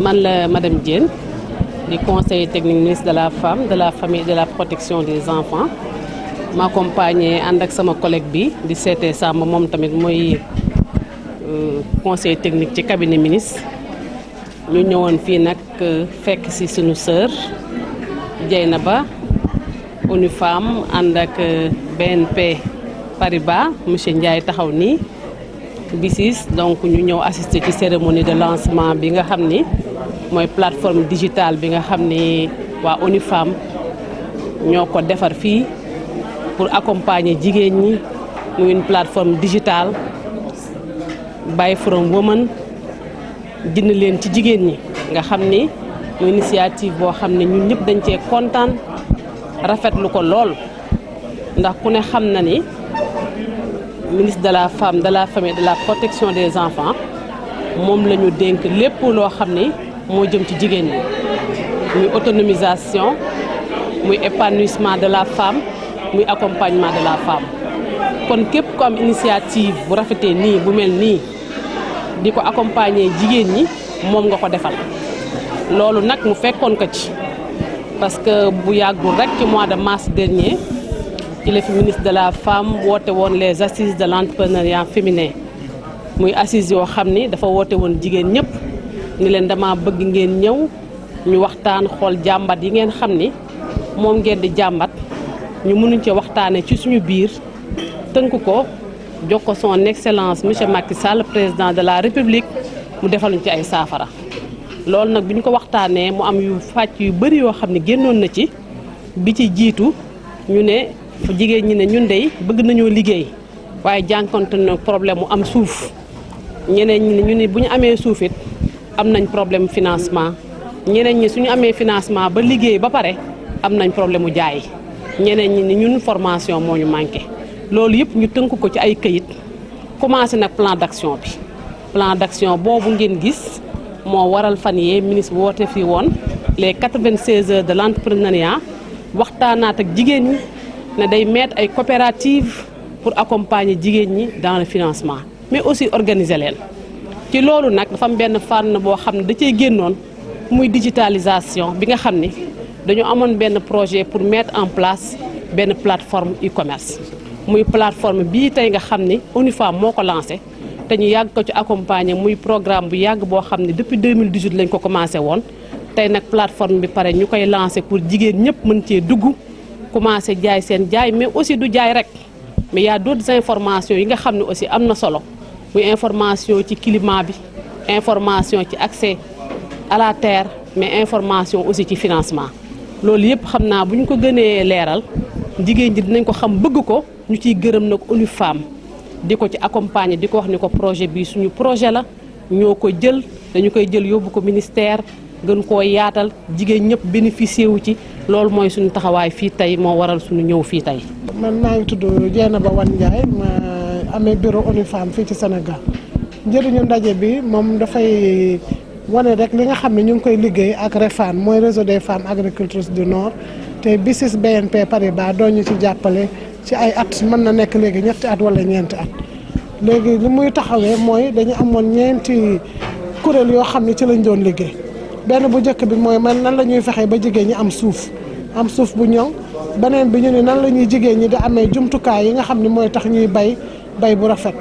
Je suis madame Diène le conseiller technique ministre de la femme de la famille et de la protection des enfants ma suis accompagnée mon collègue bi euh, conseiller technique du cabinet ministre Nous avons fait une fekk si suñu sœur une euh, BNP Paribas monsieur Ndiaye donc ñu ñëw assister cérémonie de lancement moy plateforme digitale bi nga xamni wa waa ñoko défar fi pour accompagner jigéen ñi muy une plateforme digitale by from women jënd leen ci jigéen ñi nga xamni moy initiative bo xamni ñun ñep dañ cee kontaan rafetlu ko lool ndax ku ne xam na ni ministre de la femme de la famille de la protection des enfants moom la ñu dénk lépp loo xam ni moo jëm ci jigéen autonomisation muy épanouissement de la femme muy accompagnement de la femme kon képp comme am initiative bu rafetee ni bu mel ni, di accompagner jigéen ni, moom nga ko defal loolu nag mu nous ko ci parce que bu yàggul rek ci mois de mars dernier il est féministe de la femme woote woon les assises de l'entrepreneuriat féminin muy assises yoo xam ni dafa woote woon jigéen ni leen dama bëgg ngeen ñëw ñu waxtaan xool jàmbat yi ngeen xam ni moom ngeen di jàmbat ñu mënuñ ci waxtaanee ci suñu biir tënk ko jox ko son excellence monsieur Macky Sall président de la république mu defaluñ ci ay saafara. loolu nag bi ñu ko waxtaanee mu am yu fàcc yu bëri yoo xam ne génnoon na ci bi ci jiitu ñu ne jigéen ñi ne ñun dey bëgg nañoo liggéey waaye jànkonte na problème mu am suuf ñeneen ñi ne ñu ne bu ñu amee suuf am nañ problème financement ñeneen ñi suñu amee financement ba liggéey ba pare am nañ problème mu jaay ñeneen ñi ni ñun formation moo ñu manqué loolu yëpp ñu tënk ko ci ay këyit commencé nag plan d'action bi plan d'action boobu ngeen gis moo waral fan yee ministre woote fii woon les 96 heures de l'entrepreneuriat waxtaanaat ak jigéen ñi ne day mettre ay coopérative pour accompagner jigéen ñi dans le financement mais aussi organiser leen ci loolu nak dafa am benn fànn boo xam da cey génnoon muy digitalisation bi nga xam dañu amone benn projet pour mettre en place benn plateforme e-commerce muy plateforme bi tay nga xam ni UNIFAM moko ko lancé te ñu yag ko ci accompagner muy programme bu yag bo xam depuis 2018 lañ ko commencé woon tay nak plateforme bi paré ñukay koy lancé pour jigéen ñep mën cee dugg commencer jaay sen jaay mais aussi du jaay rek mais y a d'autres informations yi nga xam aussi amna solo muy information ci climat bi information ci accès à mais information aussi ci financement loolu yëpp xam naa bu ñu ko gënee leeral jigéen ji dinañ ko xam bëgg ko ñu ciy gërëm nag ONU Femmes di ko ci accompagner di ko wax ni ko projet bi suñu projet la ñoo ko jël dañu koy jël yóbbu ko ministère gën koo yaatal jigéen ñëpp bénéficier wu ci loolu mooy suñu taxawaay fii tey moo waral suñu ñëw fii tey. man maa ngi tudd Dieynaba Wane Ndiaye ma amee bureau ONU fii ci senegal njëriñu ndaje bi moom dafay wane rek li nga xam ne ñu ngi koy liggéey ak REFAN mooy réseau des femmes agricultrices du Nord te BICIS BNP Paribas doo ñu ci jàppale ci ay at mën na nekk léegi ñetti at wala ñeenti at léegi li muy taxawee mooy dañu amoon ñeenti kuréel yoo xam ne ci lañ doon liggéey benn bu njëkk bi mooy man nan la ñuy fexee ba jigéen ñi am suuf am suuf bu ñoŋ beneen bi ñu ne nan la ñuy jigéen ñi di amee jumtukaay yi nga xam ne mooy tax ñuy bay bay bu rafet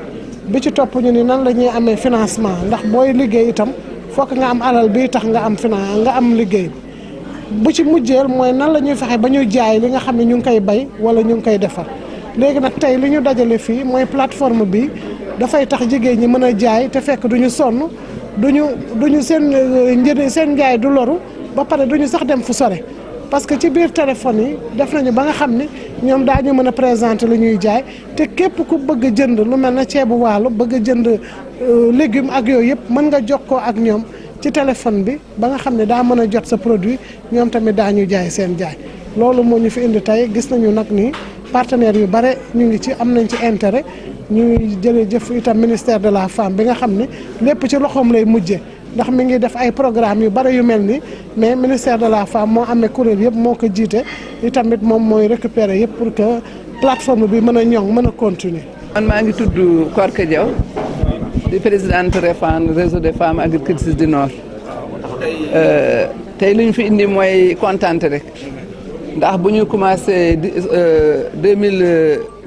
bi ci topp ñu ni nan la ñuy amee financement ndax booy liggéey itam fokk nga am alal bi tax nga am finance nga am liggéey bu ci mujjeel mooy nan la ñuy fexe ba ñuy jaay li nga xam ne ñu ngi koy bay wala ñu ngi koy defar léegi nag tey li ñu dajale fii mooy plateforme bi dafay tax jigéen ñi mën a jaay te fekk du ñu sonn duñu duñu seen njëriñ seen njaay du loru ba pare duñu sax dem fu sore parce que ci biir téléphone yi def nañu ba nga xam ni ñoom daañu mën a présenter lu ñuy jaay te képp ku bëgg jënd lu mel na ceebu waalo bëgg a jënd euh, légumes ak yooyu yëpp mën nga ko ak ñoom ci téléphone bi ba nga xam ne daa mën a jot sa produit ñoom tamit daa ñuy jaay seen jaay loolu moo ñu fi indi tey gis nañu nag ni partenaires yu bare ñu ngi ci am nañ ci intérêt ñu ngi jëlee jëf itam ministère de la femme bi nga xam ne lépp ci loxoom lay mujjee. ndax mi ngi def ay programme yu bari yu mel ni mais ministère de la femme moo amee kuréel yëpp moo ko jiite i tamit moom mooy récupérer yëpp pour que plateforme bi mën a ñoŋ mën a continuer. man maa ngi tudd Korka di président Refane réseau des femmes agricultrices du nord euh, tey li ñu fi indi mooy kontaan rek ndax bu ñu commencé euh, deux mille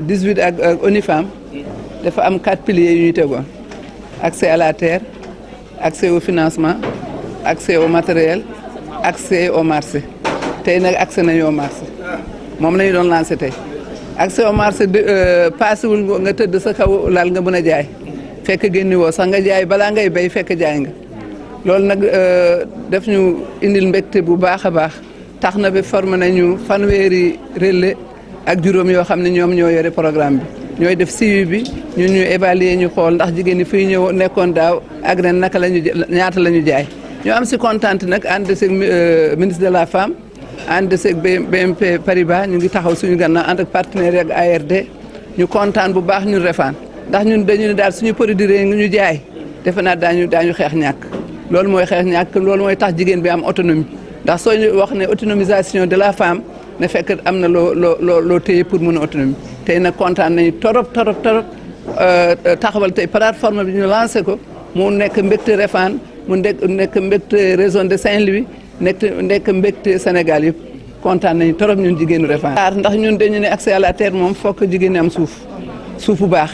dix huit ak ONU Femmes dafa am quatre piliers yu ñu tegoon accès à la terre. accès au financement accès au matériel accès au marché tey nag accès nañu au marché moom la doon lancé tey accès au marché de euh, paasewul nga tëdd sa kaw laal nga mën a jaay fekk génni woo sax nga jaay balaa ngay bay fekk jaay nga loolu nag euh, def ñu indil mbégte bu baax a baax tax na ba formé nañu fanweeri relais ak juróom yoo xam ne ñoom ñoo yore programme bi ñooy def suivi bi ñu ñu évaluer ñu xool ndax jigéen ñi fii ñëw nekkoon daaw ak ren naka la ñu ñaata la ñu jaay ñoo am si contente nag ànd seeg euh, ministre de la femme ànd seeg BMP Paribas ñu ngi taxaw suñu gannaaw ànd ak partenaire ak ARD ñu kontaan bu baax ñun refaan ndax ñun dañu ne daal suñu produire ngi ñu jaay defe naa daañu daañu xeex ñàkk loolu mooy xeex ñàkk loolu mooy tax jigéen bi am autonomie ndax soo ñu wax ne autonomisation de la femme ne fekk am na loo loo loo téye pour mun a tey nag kontaan nañu torop torop torop euh, taxawal tey plateforme bi ñu lancé ko mu nekk mbégte Refane mu nekk mbégte région de Saint-Louis nekk nekk mbégte Sénégal yëpp kontaan nañu torop ñun jigéenu Refane. ndax ñun dañu ne accès à la terre moom fokk jigéen ñi am suuf suuf bu baax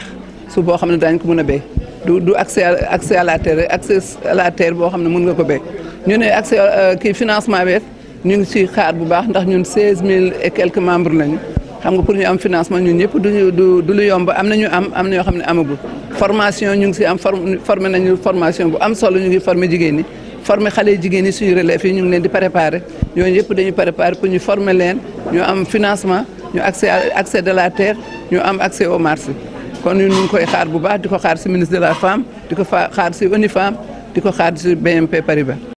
suuf boo xam ne daañu ko mën a béy du du accès accès à la terre accès à la terre boo xam ne mën nga ko béy ñu ne accès euh, kii financement bi ñu ngi ciy xaar bu baax ndax ñun 16000 mille quelques membres lañu. xam nga pour ñu am financement ñun ñëpp du du du lu yomb am na ñu am am na ñoo xam ne amagul formation ñu ngi si am formé nañu formation bu am solo ñu ngi formé jigéen ñi former xale jigéen ñi suñu relève yi ñu ngi leen di préparer ñooñu yëpp dañu préparer ku ñu former leen ñu am financement ñu accès accès de la terre ñu am accès au marché kon ñun ñu ngi koy xaar bu baax di ko xaar si ministre de la femme di ko xaar si ONU Femmes di ko xaar si BNP ba